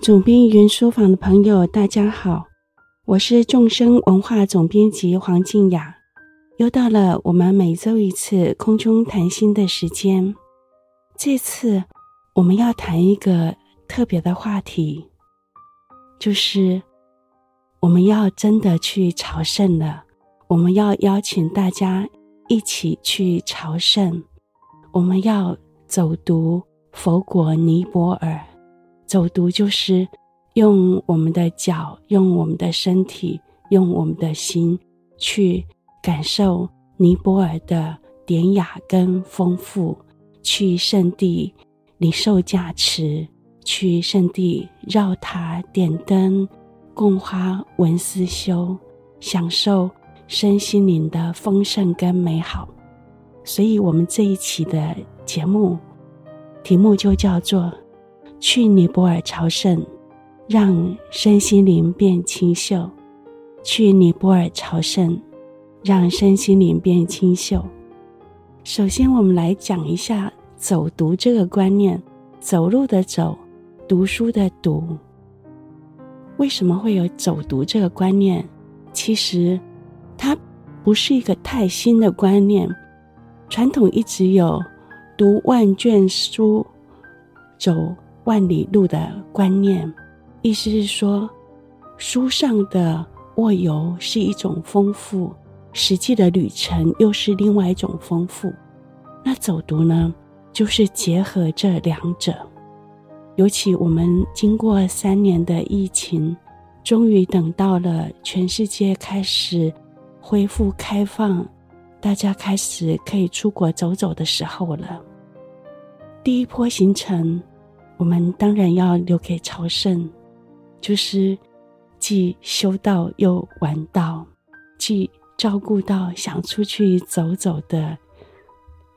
總編雲書房的朋友，大家好，我是眾生文化總編輯黃靖雅，又到了我們每周一次空中談心的時間。這次我們要談一個特別的話題，就是我們要真的去朝聖了。我們要邀請大家一起去朝聖，我們要走讀佛國尼泊爾。走讀就是用我們的腳，用我們的身體，用我們的心去感受尼泊爾的典雅跟豐富；去聖地領受加持，去聖地繞塔點燈，供花聞思修，享受身心靈的豐盛跟美好。所以，我們這一期的節目題目就叫做。去尼泊爾朝聖，讓身心靈變清秀；去尼泊爾朝聖，讓身心靈變清秀。首先，我們來講一下“走讀”這個觀念：走路的“走”，讀書的“讀”。為什麼會有“走讀”這個觀念？其實，它不是一個太新的觀念，傳統一直有“讀萬卷書，走”。萬里路的觀念，意思是說，書上的臥遊是一種豐富，實際的旅程又是另外一種豐富。那走讀呢，就是結合這兩者。尤其我們經過三年的疫情，終於等到了全世界開始恢復開放，大家開始可以出國走走的時候了。第一波行程，我們當然要留給朝聖，就是既修道又玩道，既照顧到想出去走走的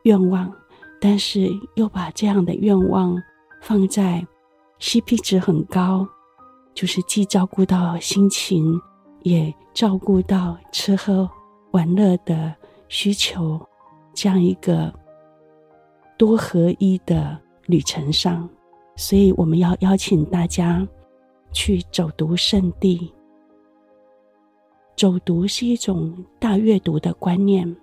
願望，但是又把這樣的願望放在 CP 值很高，就是既照顧到心情，也照顧到吃喝玩樂的需求，這樣一個多合一的旅程上。所以，我們要邀請大家去走讀聖地。走讀是一種大閱讀的觀念。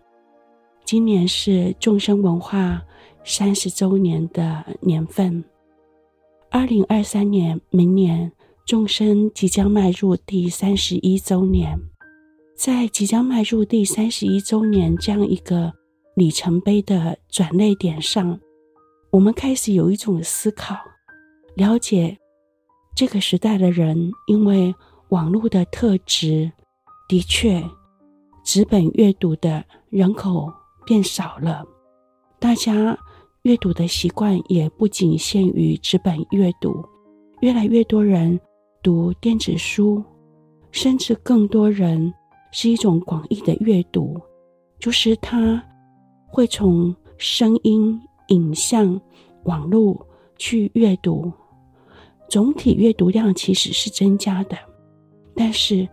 今年是眾生文化三十周年的年份，二零二三年，明年眾生即將邁入第三十一周年。在即將邁入第三十一周年這樣一個里程碑的轉捩點上，我們開始有一種思考。了解這個時代的人，因為網絡的特質，的確，紙本閱讀的人口變少了。大家閱讀的習慣也不僅限於紙本閱讀，越來越多人讀電子書，甚至更多人是一種廣義的閱讀，就是他會從聲音、影像、網絡去閱讀。總體閱讀量其實是增加的，但是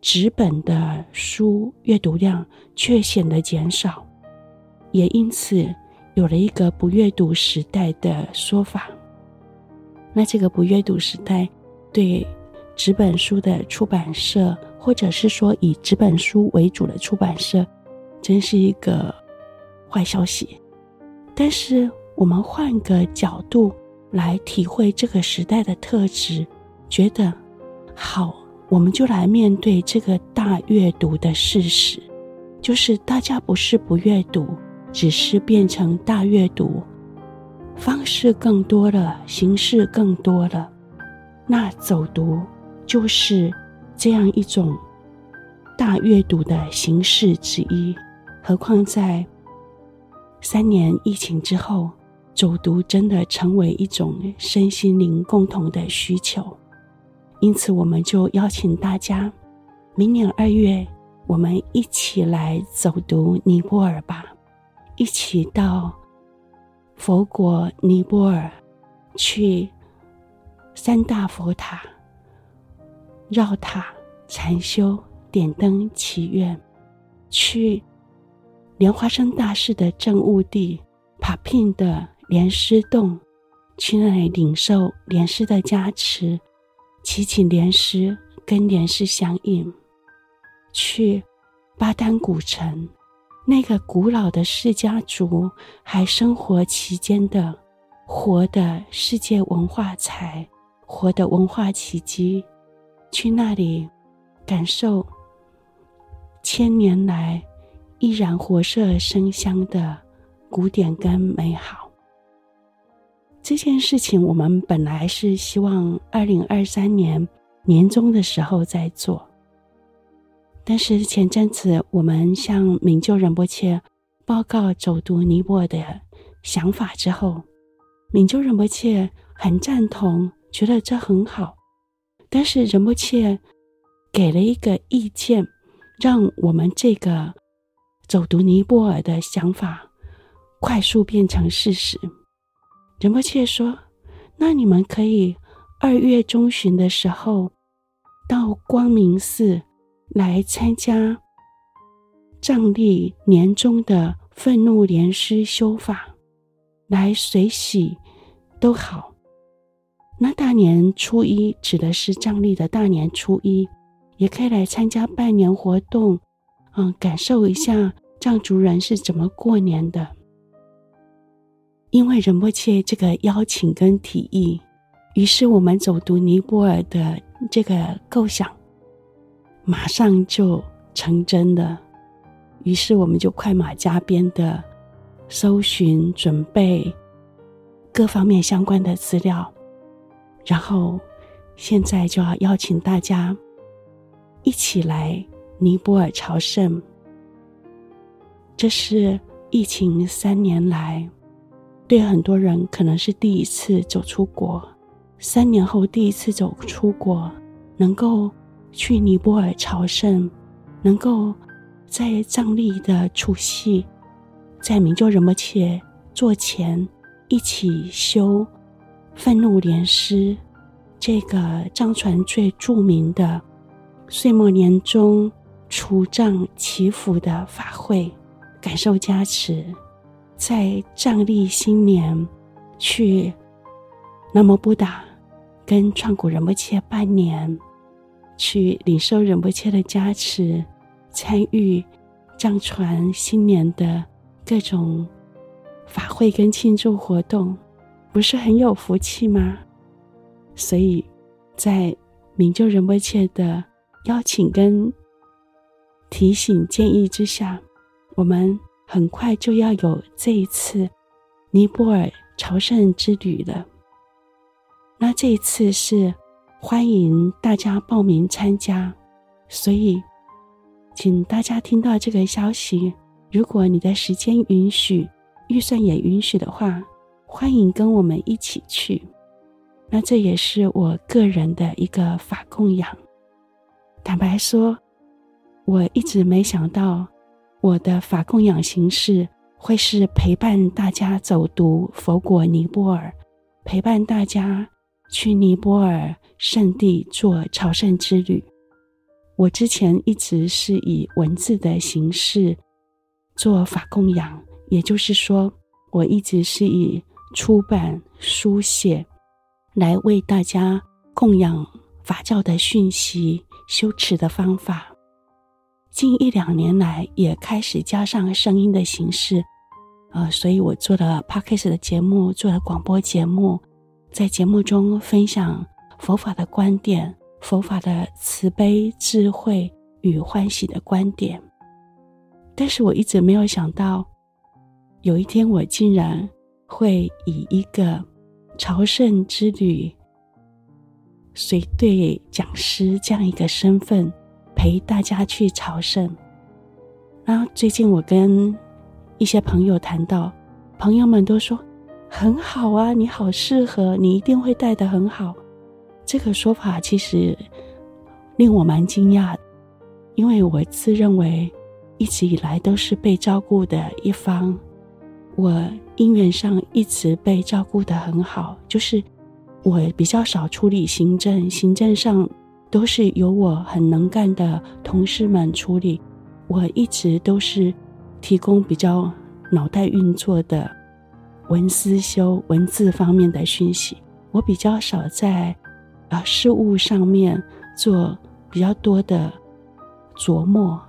紙本的書閱讀量卻顯得減少，也因此有了一個“不閱讀時代”的說法。那這個“不閱讀時代”對紙本書的出版社，或者是說以紙本書為主的出版社，真是一個壞消息。但是我們換個角度，來體會這個時代的特質，覺得好，我們就來面對這個大閱讀的事實。就是大家不是不閱讀，只是變成大閱讀，方式更多了，形式更多了。那走讀就是這樣一種大閱讀的形式之一。何況在三年疫情之後。走讀真的成為一種身心靈共同的需求，因此我們就邀請大家，明年二月，我們一起來走讀尼泊爾吧，一起到佛國尼泊爾去三大佛塔繞塔禪修、點燈祈願，去蓮花生大士的證悟地帕聘的。蓮師洞，去那裡領受蓮師的加持，祈請蓮師跟蓮師相應；去巴丹古城，那個古老的釋迦族還生活其間的活的世界文化財，活的文化奇蹟，去那裡感受千年來依然活色生香的古典跟美好。這件事情我們本來是希望二零二三年年終的時候再做，但是前陣子我們向明就仁波切報告走讀尼泊爾的想法之後，明就仁波切很贊同，覺得這很好。但是仁波切給了一個意見，讓我們這個走讀尼泊爾的想法快速變成事實。仁波切說：“那你們可以二月中旬的時候到光明寺來參加藏歷年終的憤怒蓮師修法，來隨喜都好。那大年初一指的是藏歷的大年初一，也可以來參加拜年活動，嗯，感受一下藏族人是怎麼過年的。”因為仁波切這個邀請跟提議，於是我們走讀尼泊爾的這個構想，馬上就成真了。於是我們就快馬加鞭的搜尋、準備各方面相關的資料，然後現在就要邀請大家一起來尼泊爾朝聖。這是疫情三年來。對很多人可能是第一次走出國，三年後第一次走出國，能夠去尼泊爾朝聖，能夠在藏曆的除夕，在明就仁波切座前一起修忿怒蓮師，這個藏傳最著名的歲末年終除障祈福的法會，感受加持。在藏曆新年去南無布達跟創古仁波切拜年，去領受仁波切的加持，參與藏傳新年的各種法會跟慶祝活動，不是很有福氣嗎？所以，在明就仁波切的邀請跟提醒建議之下，我們。很快就要有這一次尼泊爾朝聖之旅了。那這一次是歡迎大家報名參加，所以請大家聽到這個消息，如果你的時間允許、預算也允許的話，歡迎跟我們一起去。那這也是我個人的一個法供養。坦白說，我一直沒想到。我的法供養形式會是陪伴大家走讀佛國尼泊爾，陪伴大家去尼泊爾聖地做朝聖之旅。我之前一直是以文字的形式做法供養，也就是說，我一直是以出版書寫來為大家供養法教的訊息、修持的方法。近一兩年來，也開始加上聲音的形式，呃，所以我做了 Podcast 的節目，做了廣播節目，在節目中分享佛法的觀點、佛法的慈悲、智慧與歡喜的觀點。但是我一直沒有想到，有一天我竟然會以一個朝聖之旅隨隊講師這樣一個身份。陪大家去朝聖。然後最近我跟一些朋友談到，朋友們都說很好啊，你好適合，你一定會帶得很好。這個說法其實令我蠻驚訝，因為我自認為一直以來都是被照顧的一方，我因緣上一直被照顧得很好，就是我比較少處理行政，行政上。都是由我很能幹的同事們處理，我一直都是提供比較腦袋運作的，文思修文字方面的訊息。我比較少在啊事物上面做比較多的琢磨。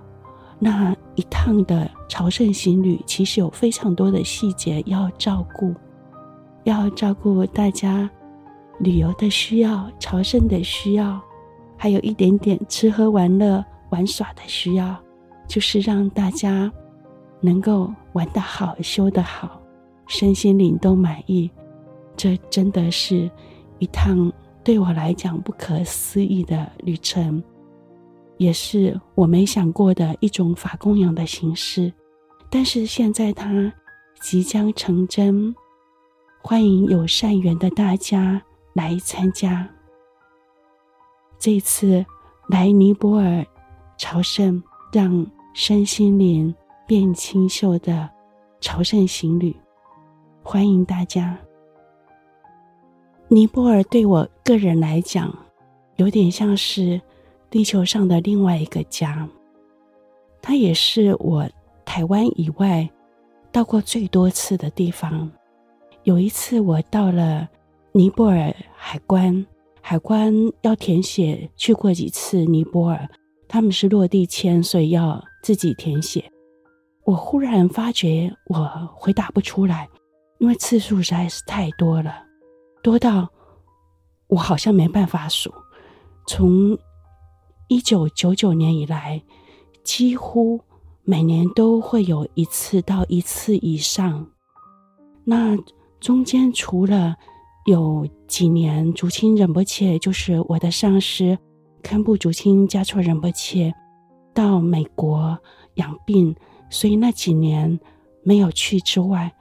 那一趟的朝聖行旅，其實有非常多的細節要照顧，要照顧大家旅遊的需要、朝聖的需要。還有一點點吃喝玩樂、玩耍的需要，就是讓大家能夠玩得好、修得好，身心靈都滿意。這真的是一趟對我來講不可思議的旅程，也是我沒想過的一種法供養的形式。但是現在它即將成真，歡迎有善緣的大家來參加。這次來尼泊爾朝聖，讓身心靈變清秀的朝聖行旅，歡迎大家。尼泊爾對我個人來講，有點像是地球上的另外一個家。它也是我台灣以外到過最多次的地方。有一次我到了尼泊爾海關。海關要填寫，去過幾次尼泊爾，他們是落地簽，所以要自己填寫，我忽然發覺我回答不出來，因為次數實在是太多了，多到我好像沒辦法數。從一九九九年以來，幾乎每年都會有一次到一次以上，那中間除了有。幾年，竹清仁波切就是我的上師，堪布竹清加措仁波切，到美國養病，所以那幾年沒有去之外，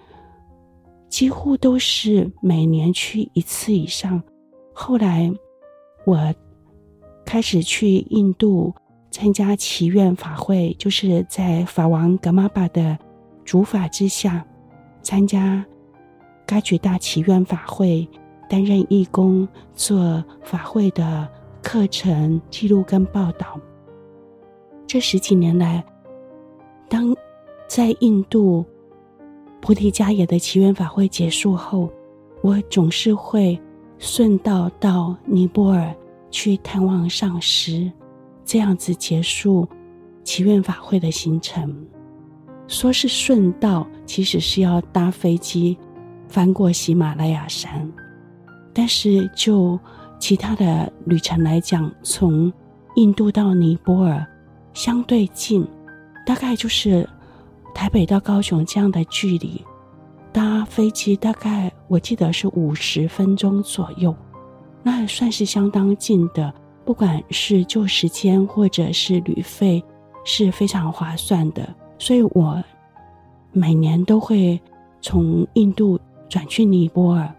幾乎都是每年去一次以上。後來，我開始去印度參加祈願法會，就是在法王噶瑪巴的主法之下參加噶舉大祈願法會。擔任義工，做法會的課程記錄跟報道。這十幾年來，當在印度菩提迦耶的祈願法會結束後，我總是會順道到尼泊爾去探望上師，這樣子結束祈願法會的行程。說是順道，其實是要搭飛機翻過喜馬拉雅山。但是就其他的旅程來講，從印度到尼泊爾相對近，大概就是台北到高雄這樣的距離，搭飛機大概我記得是五十分鐘左右，那算是相當近的，不管是就時間或者是旅費，是非常划算的，所以我每年都會從印度轉去尼泊爾。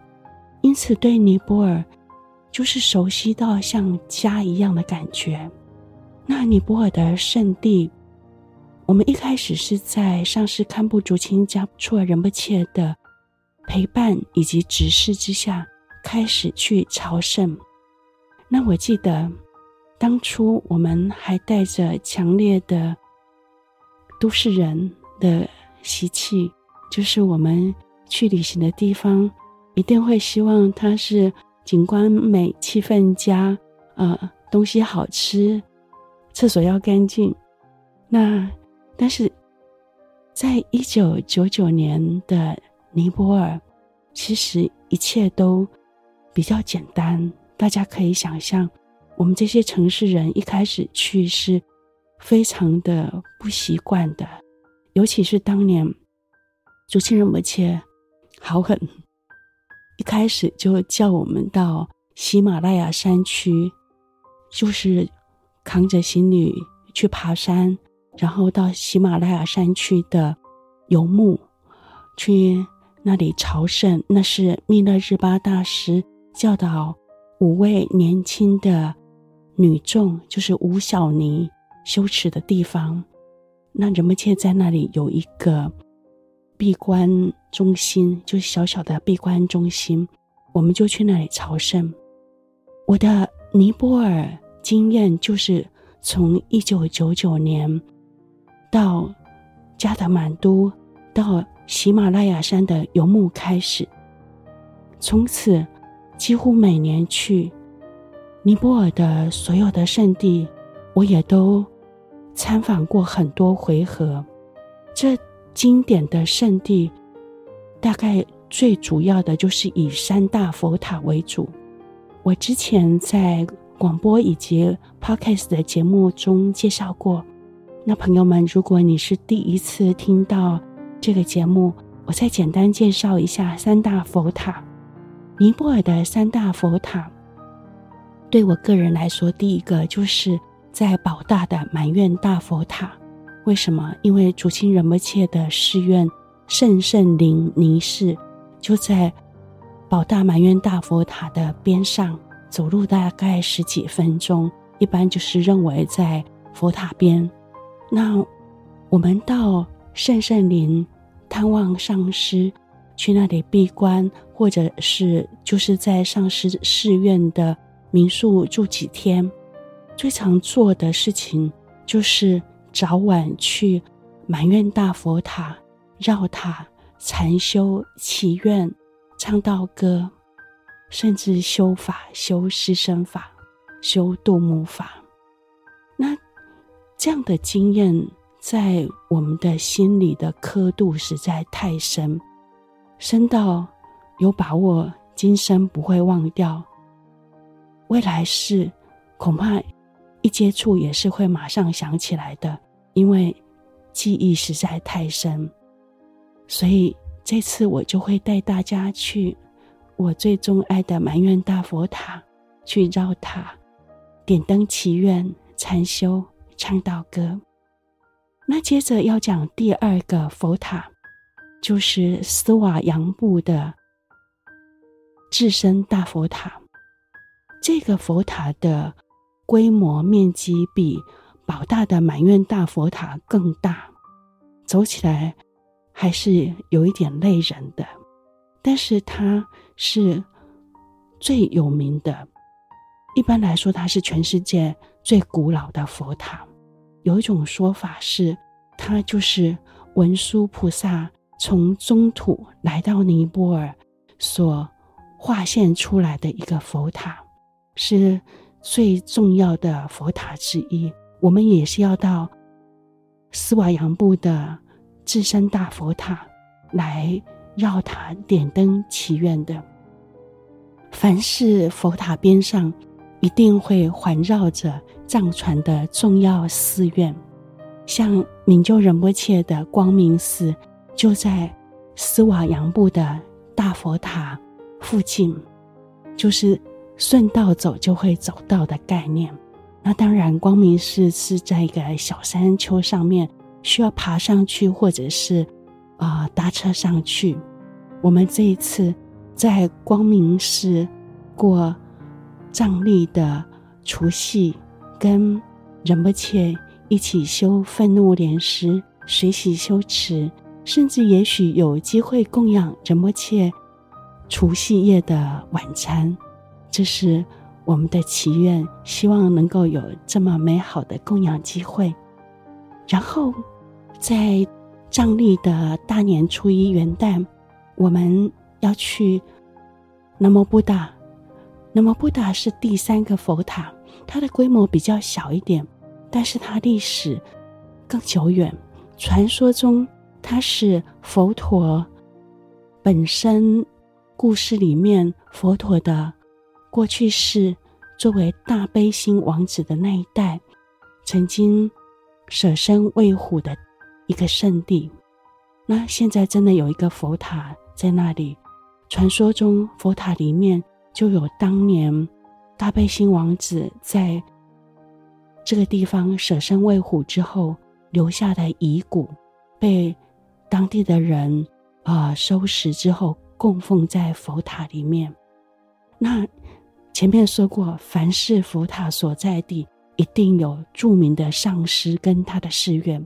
因此，對尼泊爾就是熟悉到像家一樣的感覺。那尼泊爾的聖地，我們一開始是在上師堪布竹清嘉措仁波切的陪伴以及指示之下，開始去朝聖。那我記得當初我們還帶着強烈的都市人的習氣，就是我們去旅行的地方。一定會希望它是景觀美、氣氛佳，呃，東西好吃，廁所要乾淨。那但是，在一九九九年的尼泊爾，其實一切都比較簡單。大家可以想象，我們這些城市人一開始去是，非常的不習慣的，尤其是當年主持人而切，好狠。一開始就叫我們到喜馬拉雅山區，就是扛着行李去爬山，然後到喜馬拉雅山區的游牧，去那裡朝聖。那是密勒日巴大師教導五位年輕的女眾，就是五小尼修持的地方。那人們却在那裡有一個。閉關中心就是小小的閉關中心，我們就去那裡朝聖。我的尼泊爾經驗就是從一九九九年到加德滿都到喜馬拉雅山的游牧開始，從此幾乎每年去尼泊爾的所有的聖地，我也都參訪過很多回合。這。經典的聖地，大概最主要的就是以三大佛塔為主。我之前在廣播以及 podcast 的節目中介紹過。那朋友們，如果你是第一次聽到這個節目，我再簡單介紹一下三大佛塔。尼泊爾的三大佛塔，對我個人來說，第一個就是在寶大的滿願大佛塔。為什麼？因為竹清仁波切的寺院聖聖林尼寺，就在寶大滿願大佛塔的邊上，走路大概十幾分鐘。一般就是認為在佛塔邊，那我們到聖聖林探望上師，去那裡閉關，或者是就是在上師寺院的民宿住幾天。最常做的事情就是。早晚去滿願大佛塔繞塔禪修、祈願、唱道歌，甚至修法、修施身法、修度母法。那這樣的經驗在我們的心裡的刻度實在太深，深到有把握今生不會忘掉，未來世恐怕。一接觸也是會馬上想起來的，因為記憶實在太深，所以這次我就會帶大家去我最鍾愛的滿願大佛塔去繞塔、點燈祈願、禪修、唱道歌。那接着要講第二個佛塔，就是斯瓦揚布的自生大佛塔。這個佛塔的。規模面積比寶大的滿願大佛塔更大，走起來還是有一點累人的。但是它是最有名的，一般來說，它是全世界最古老的佛塔。有一種說法是，它就是文殊菩薩從中土來到尼泊爾所化現出來的一個佛塔，是。最重要的佛塔之一，我們也是要到斯瓦揚布的自生大佛塔來繞塔點燈祈願的。凡是佛塔邊上，一定會環繞着藏傳的重要寺院，像明就仁波切的光明寺就在斯瓦揚布的大佛塔附近，就是。順道走就會走到的概念，那當然，光明寺是在一個小山丘上面，需要爬上去或者是啊、呃、搭車上去。我們這一次在光明寺過藏曆的除夕，跟仁波切一起修憤怒蓮師隨喜修持，甚至也許有機會供養仁波切除夕夜的晚餐。這是我們的祈願，希望能夠有這麼美好的供養機會。然後，在藏曆的大年初一元旦，我們要去南摩布達。南摩布達是第三個佛塔，它的規模比較小一點，但是它歷史更久遠。傳說中，它是佛陀本身故事裡面佛陀的。過去是作為大悲心王子的那一代，曾經捨身餵虎的一個聖地。那現在真的有一個佛塔在那裡，傳說中佛塔裡面就有當年大悲心王子在這個地方捨身餵虎之後留下的遺骨，被當地的人啊、呃、收拾之後供奉在佛塔裡面。那。前面說過，凡是佛塔所在地，一定有著名的上師跟他的寺院。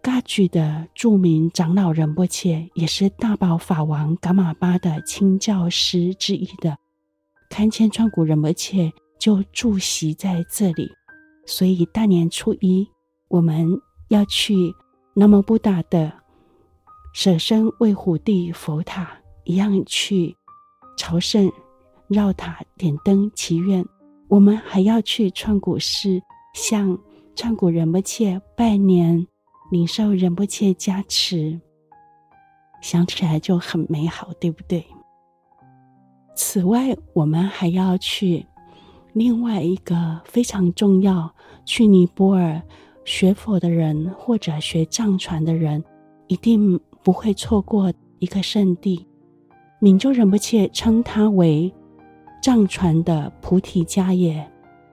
噶舉的著名長老仁波切也是大寶法王噶瑪巴的親教師之一的堪千創古仁波切就駐錫在這裡，所以大年初一我們要去南摩布達的舍身餵虎地佛塔一樣去朝聖。繞塔點燈祈願，我們還要去創古寺，向創古仁波切拜年，領受仁波切加持。想起來就很美好，對不對？此外，我們還要去另外一個非常重要，去尼泊爾學佛的人或者學藏傳的人，一定不會錯過一個聖地。明就仁波切稱它為，藏傳的菩提迦耶，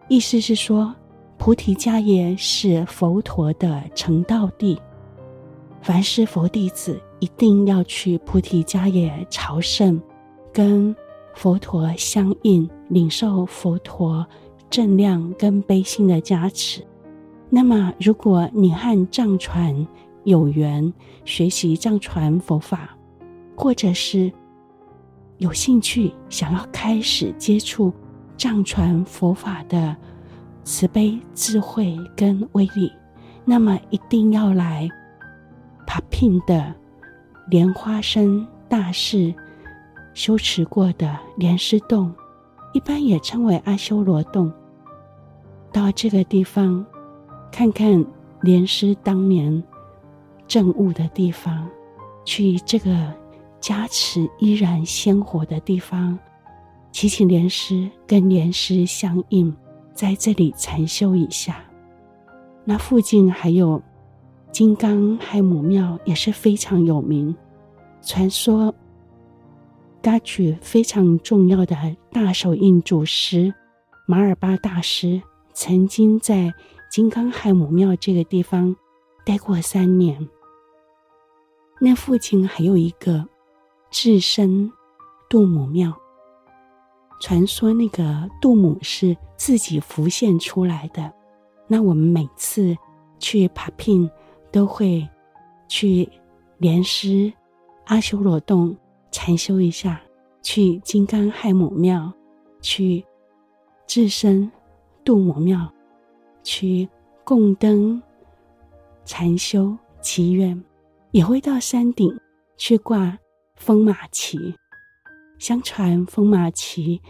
意思是說，菩提迦耶是佛陀的成道地。凡是佛弟子，一定要去菩提迦耶朝聖，跟佛陀相應，領受佛陀正量、跟悲心的加持。那麼，如果你和藏傳有緣，學習藏傳佛法，或者是。有興趣想要開始接觸藏傳佛法的慈悲、智慧跟威力，那麼一定要來帕平的蓮花生大士修持過的蓮師洞，一般也稱為阿修羅洞。到這個地方看看蓮師當年證悟的地方，去這個。加持依然鮮活的地方，祈請蓮師跟蓮師相應，在這裡禪修一下。那附近還有金剛亥母廟也是非常有名，傳說噶舉非常重要的大手印祖師馬爾巴大師曾經在金剛亥母廟這個地方待過三年。那附近還有一個。自生度母廟，傳說那個度母是自己浮現出來的。那我們每次去帕坪都會去蓮師阿修羅洞禪修一下，去金剛亥母廟，去自生度母廟，去供燈禪修祈願，也會到山頂去掛。風馬旗，相傳風馬旗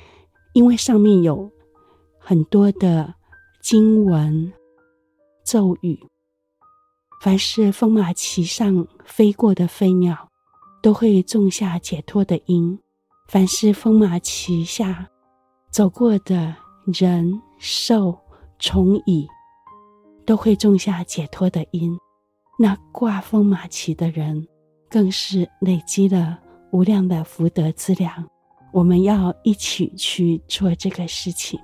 因為上面有很多的經文咒語，凡是風馬旗上飛過的飛鳥，都會種下解脫的因；凡是風馬旗下走過的人、獸、蟲蟻，都會種下解脫的因。那掛風馬旗的人，更是累積了無量的福德資糧，我們要一起去做這個事情。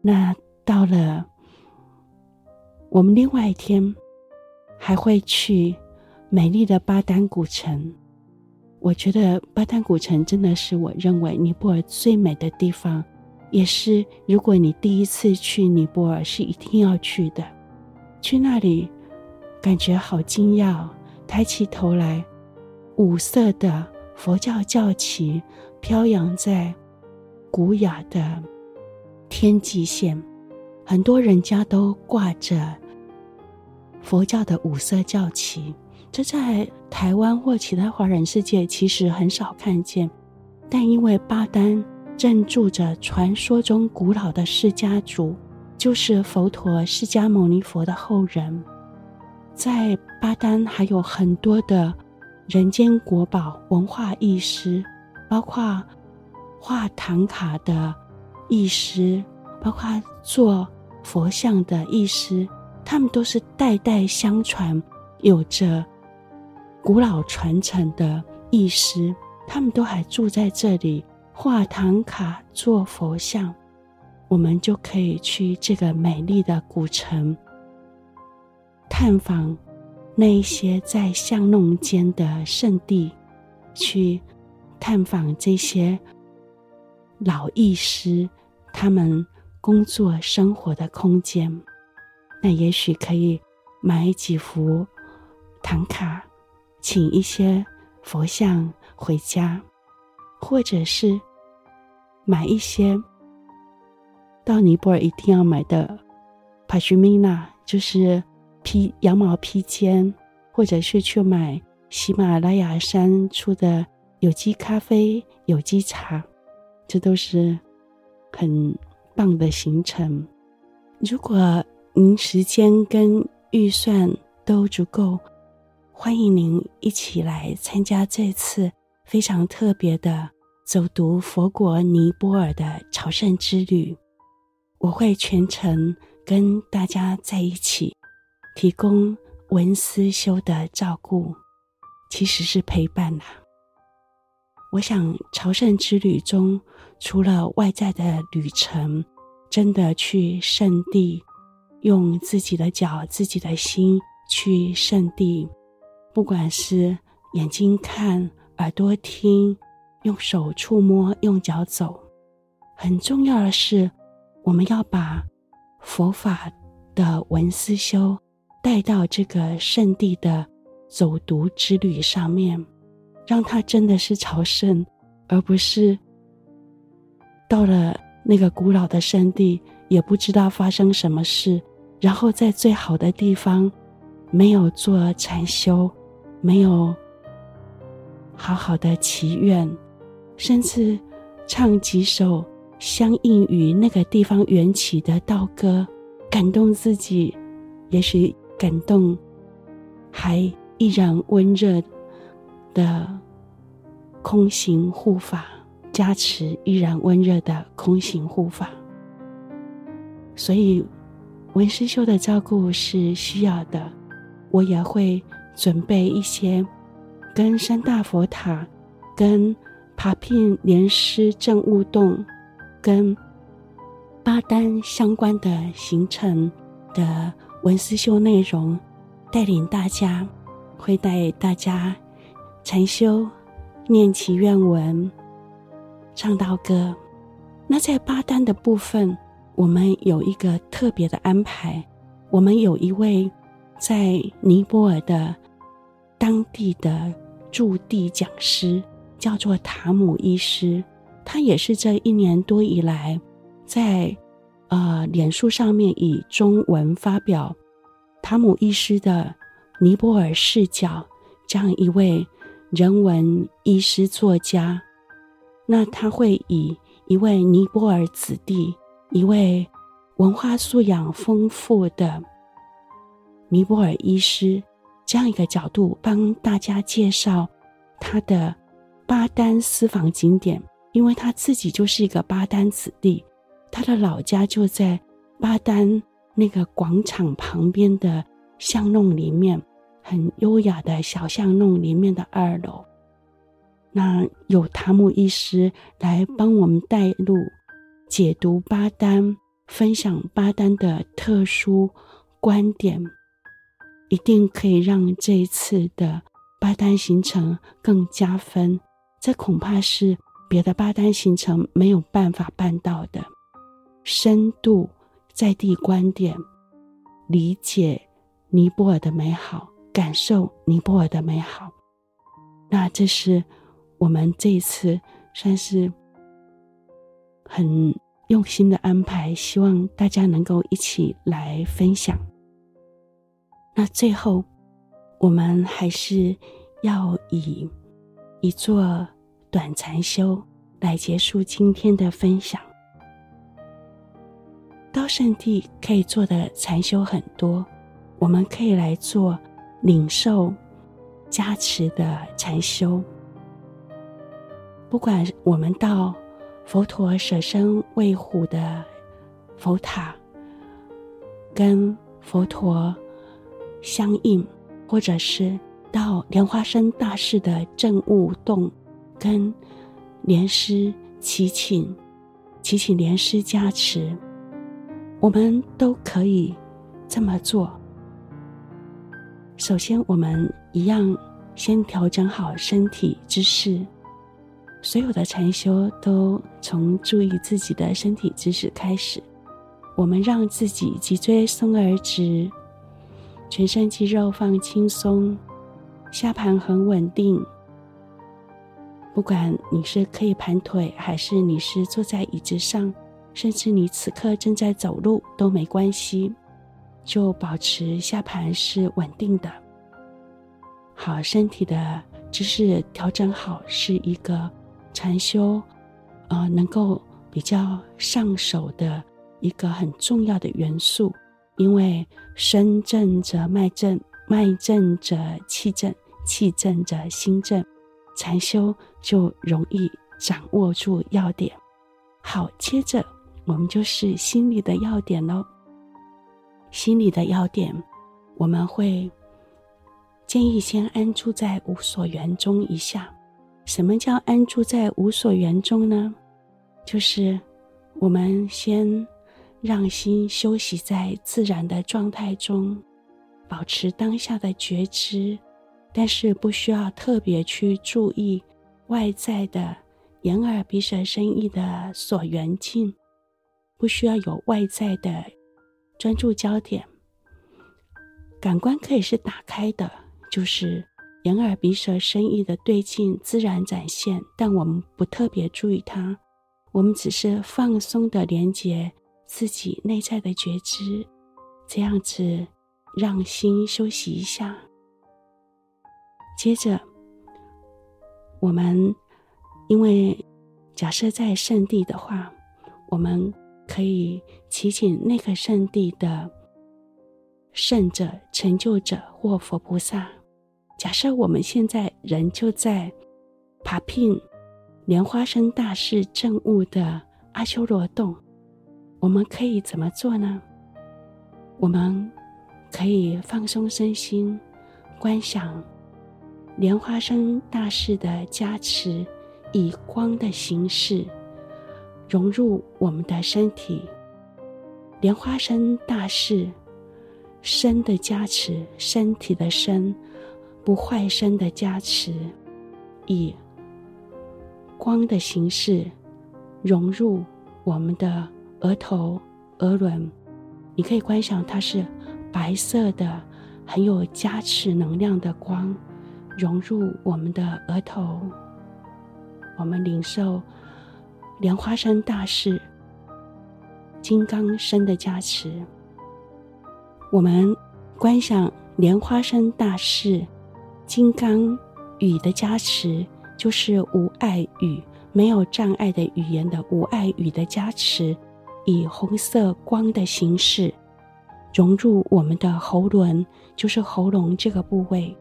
那到了我們另外一天，還會去美麗的巴丹古城。我覺得巴丹古城真的是我認為尼泊爾最美的地方，也是如果你第一次去尼泊爾是一定要去的。去那裡感覺好驚訝。抬起頭來，五色的佛教教旗飄揚在古雅的天際線。很多人家都掛着佛教的五色教旗，這在台灣或其他華人世界其實很少看見。但因為巴丹鎮住着傳說中古老的釋迦族，就是佛陀釋迦牟尼佛的後人。在巴丹還有很多的人間國寶文化藝師，包括畫唐卡的藝師，包括做佛像的藝師，他們都是代代相傳，有着古老傳承的藝師，他們都還住在這裡畫唐卡、做佛像，我們就可以去這個美麗的古城。探訪那一些在巷弄間的聖地，去探訪這些老藝師他們工作生活的空間。那也許可以買幾幅唐卡，請一些佛像回家，或者是買一些到尼泊爾一定要買的帕什米納，就是。披羊毛披肩，或者是去買喜馬拉雅山出的有機咖啡、有機茶，這都是很棒的行程。如果您時間跟預算都足夠，歡迎您一起來參加這次非常特別的走讀佛國尼泊爾的朝聖之旅。我會全程跟大家在一起。提供聞思修的照顧，其實是陪伴吶、啊。我想朝聖之旅中，除了外在的旅程，真的去聖地，用自己的腳、自己的心去聖地，不管是眼睛看、耳朵聽、用手觸摸、用腳走，很重要的是，我們要把佛法的聞思修帶到這個聖地的走讀之旅上面，讓他真的是朝聖，而不是到了那個古老的聖地，也不知道發生什麼事，然後在最好的地方沒有做禪修，沒有好好的祈願，甚至唱幾首相應於那個地方緣起的道歌，感動自己，也許。感動，還依然溫熱的空行護法加持，依然溫熱的空行護法。所以聞思修的照顧是需要的，我也會準備一些跟三大佛塔、跟帕平蓮師證悟洞、跟巴丹相關的行程的。聞思修內容，帶領大家，會帶大家禪修、念祈願文、唱道歌。那在巴丹的部分，我們有一個特別的安排，我們有一位在尼泊爾的當地的駐地講師，叫做塔姆醫師，他也是這一年多以來在。呃，臉書上面以中文發表塔姆醫師的尼泊爾視角，這樣一位人文醫師作家，那他會以一位尼泊爾子弟、一位文化素養豐富的尼泊爾醫師這樣一個角度，幫大家介紹他的巴丹私房景點，因為他自己就是一個巴丹子弟。他的老家就在巴丹那個廣場旁邊的巷弄裡面，很優雅的小巷弄裡面的二樓。那有塔姆醫師來幫我們帶路、解讀巴丹、分享巴丹的特殊觀點，一定可以讓這一次的巴丹行程更加分。這恐怕是別的巴丹行程沒有辦法辦到的。深度在地觀點，理解尼泊爾的美好，感受尼泊爾的美好。那這是我們這一次算是很用心的安排，希望大家能夠一起來分享。那最後，我們還是要以一座短禪修來結束今天的分享。到聖地可以做的禪修很多，我們可以來做領受加持的禪修。不管我們到佛陀舍身餵虎的佛塔，跟佛陀相應，或者是到蓮花生大士的證悟洞，跟蓮師祈請祈請蓮師加持。我們都可以這麼做。首先，我們一樣先調整好身體姿勢。所有的禪修都從注意自己的身體姿勢開始。我們讓自己脊椎鬆而直，全身肌肉放輕鬆，下盤很穩定。不管你是可以盤腿，還是你是坐在椅子上。甚至你此刻正在走路都沒關係，就保持下盤是穩定的。好，身體的姿勢調整好是一個禪修，呃，能夠比較上手的一個很重要的元素，因為身正則脈正，脈正則氣正，氣正則心正，禪修就容易掌握住要點。好，接着。我們就是心理的要點咯，心理的要點，我們會建議先安住在無所緣中一下。什麼叫安住在無所緣中呢？就是我們先讓心休息在自然的狀態中，保持當下的覺知，但是不需要特別去注意外在的眼、耳、鼻、舌、身、意的所緣境。不需要有外在的專注焦點，感官可以是打開的，就是眼、耳、鼻、舌、身、意的對境自然展現，但我們不特別注意它，我們只是放鬆的連接自己內在的覺知，這樣子讓心休息一下。接着，我們因為假設在聖地的話，我們。可以祈請那個聖地的聖者、成就者或佛菩薩。假設我們現在人就在帕平蓮花生大士證悟的阿修羅洞，我們可以怎麼做呢？我們可以放鬆身心，觀想蓮花生大士的加持以光的形式。融入我們的身體，蓮花生大士身的加持，身體的身不壞身的加持，以光的形式融入我們的額頭、額輪。你可以觀想它是白色的，很有加持能量的光，融入我們的額頭，我們領受。蓮花生大士，金剛身的加持。我們觀想蓮花生大士，金剛語的加持，就是無礙語，沒有障礙的語言的無礙語的加持，以紅色光的形式融入我們的喉輪，就是喉嚨這個部位。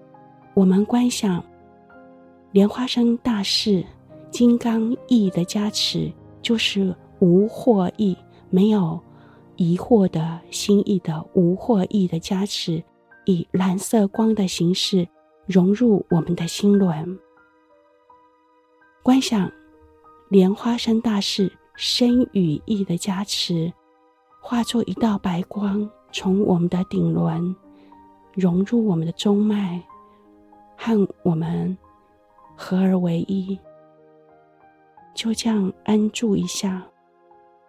我們觀想蓮花生大士。金剛意的加持，就是無惑意，沒有疑惑的心意的無惑意的加持，以藍色光的形式融入我們的心輪。觀想蓮花山大士身與意的加持，化作一道白光，從我們的頂輪融入我們的中脈，和我們合而為一。就這樣安住一下，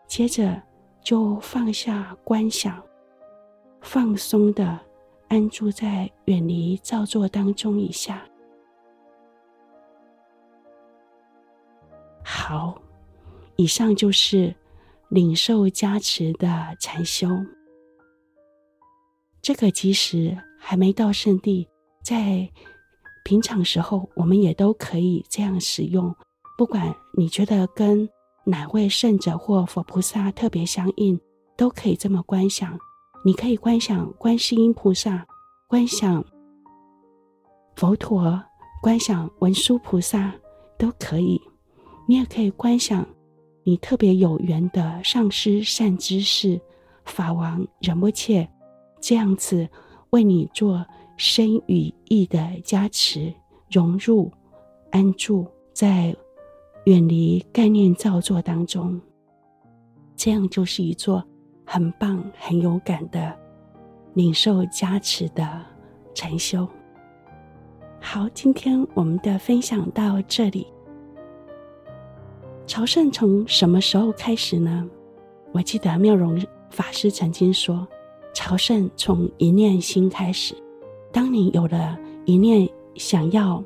接着就放下觀想，放鬆的安住在遠離造作當中一下。好，以上就是領受加持的禪修。這個即使還沒到聖地，在平常時候我們也都可以這樣使用。不管你覺得跟哪位聖者或佛菩薩特別相應，都可以這麼觀想。你可以觀想觀世音菩薩，觀想佛陀，觀想文殊菩薩都可以。你也可以觀想你特別有緣的上師善知識、法王仁波切，這樣子為你做身語意的加持、融入、安住在遠離概念造作當中，這樣就是一座很棒、很有感的領受加持的禪修。好，今天我們的分享到這裡。朝聖從什麼時候開始呢？我記得妙融法師曾經說：“朝聖從一念心開始。當你有了一念想要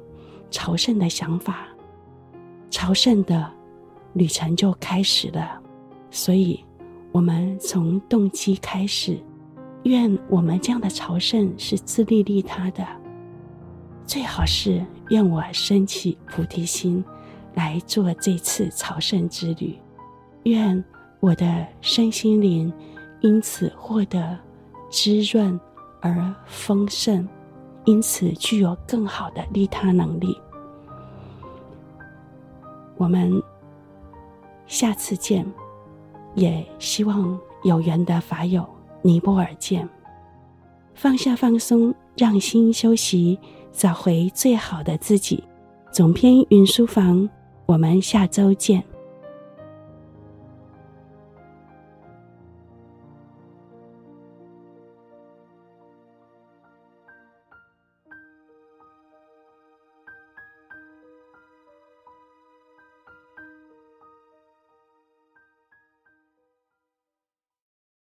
朝聖的想法。”朝聖的旅程就開始了，所以，我們從動機開始。願我們這樣的朝聖是自利利他的，最好是願我升起菩提心，來做這次朝聖之旅。願我的身心靈因此獲得滋潤而豐盛，因此具有更好的利他能力。我們下次見，也希望有緣的法友尼泊爾見。放下放鬆，讓心休息，找回最好的自己。總編雲書房，我們下周見。